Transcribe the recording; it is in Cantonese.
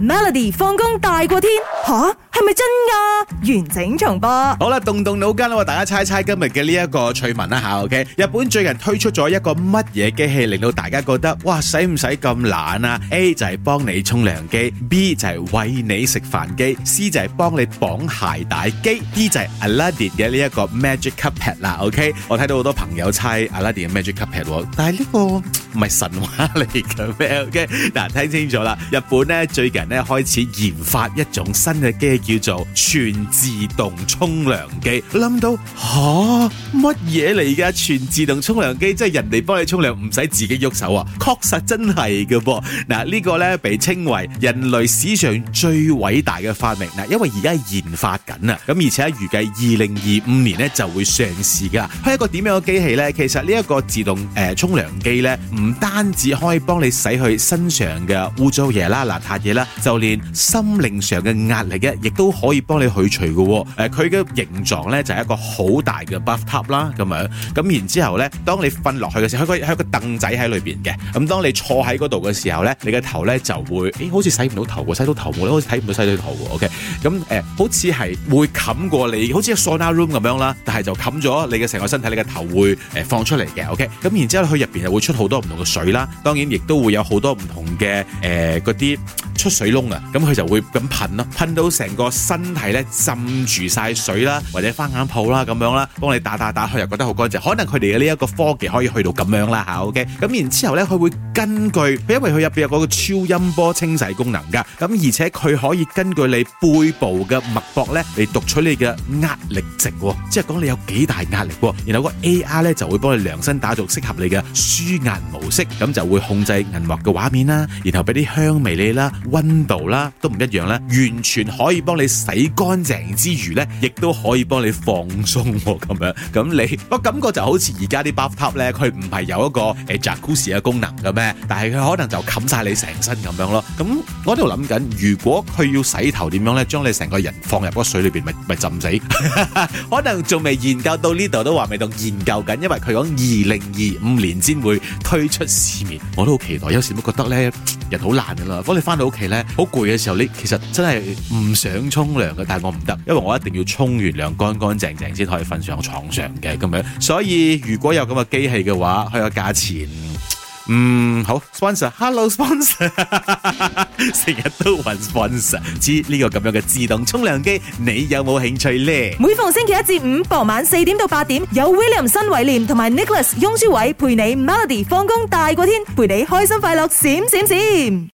Melody 放工大過天吓，係咪真噶？完整重播好啦，動動腦筋啦，大家猜猜今日嘅呢一個趣聞啦吓，OK？日本最近推出咗一個乜嘢機器，令到大家覺得哇，使唔使咁懶啊？A 就係幫你沖涼機，B 就係餵你食飯機，C 就係幫你綁鞋帶機，D 就係 Aladdin 嘅呢一個 Magic Carpet 啦、啊，OK？我睇到好多朋友猜 Aladdin 嘅 Magic Carpet、啊但係呢、這個唔係神話嚟嘅咩？OK？嗱、啊，聽清楚啦，日本咧最近，咧開始研發一種新嘅機，叫做全自動沖涼機。諗到吓乜嘢嚟噶？全自動沖涼機即係人哋幫你沖涼，唔使自己喐手啊！確實真係嘅噃。嗱，呢個呢，被稱為人類史上最偉大嘅發明。嗱，因為而家係研發緊啊，咁而且預計二零二五年呢就會上市噶。佢係一個點樣嘅機器呢？其實呢一個自動誒沖涼機咧，唔單止可以幫你洗去身上嘅污糟嘢啦、邋遢嘢啦。就連心靈上嘅壓力咧，亦都可以幫你去除嘅。誒，佢嘅形狀咧就係一個好大嘅 buff 塔啦，咁樣。咁然之後咧，當你瞓落去嘅時候，佢個喺凳仔喺裏邊嘅。咁當你坐喺嗰度嘅時候咧，你嘅頭咧就會，誒，好似洗唔到頭喎，洗到頭喎，好似睇唔到洗到頭喎。OK，咁誒，好似係會冚過你，好似個 s a n a room 咁樣啦。但係就冚咗你嘅成個身體，你嘅頭會誒放出嚟嘅。OK，咁然之後佢入邊又會出好多唔同嘅水啦。當然亦都會有好多唔同嘅誒嗰啲。出水窿啊，咁佢就會咁噴咯，噴到成個身體咧浸住曬水啦，或者返眼泡啦咁樣啦，幫你打打打，佢又覺得好乾淨。可能佢哋嘅呢一個科技可以去到咁樣啦嚇。OK，咁然之後咧，佢會根據，因為佢入邊有嗰個超音波清洗功能噶，咁而且佢可以根據你背部嘅脈搏咧嚟讀取你嘅壓力值，即係講你有幾大壓力。然後個 AR 咧就會幫你量身打造適合你嘅舒壓模式，咁就會控制銀幕嘅畫面啦，然後俾啲香味你啦，溫度啦，都唔一樣啦。完全可以幫你洗乾淨之餘呢，亦都可以幫你放鬆咁、喔、樣。咁你我、那個、感覺就好似而家啲 bathtub 咧，佢唔係有一個誒，d、呃、jacuzzi 嘅功能嘅咩？但係佢可能就冚晒你成身咁樣咯。咁我喺度諗緊，如果佢要洗頭點樣呢？將你成個人放入嗰水裏邊，咪咪浸死？ 可能仲未研究到呢度，都話未到研究緊，因為佢講二零二五年先會推出市面。我都好期待，有時都覺得呢。人好難噶啦，如果你翻到屋企咧，好攰嘅時候，你其實真係唔想沖涼嘅，但係我唔得，因為我一定要沖完涼乾乾淨淨先可以瞓上床上嘅咁樣，所以如果有咁嘅機器嘅話，佢個價錢。嗯，好，Sponsor，Hello，Sponsor，成 日都揾 Sponsor，知呢個咁樣嘅自動沖涼機，你有冇興趣呢？每逢星期一至五傍晚四點到八點，有 William 新偉廉同埋 Nicholas 雍舒偉陪你 Melody 放工大過天，陪你開心快樂閃閃閃，閃閃閃。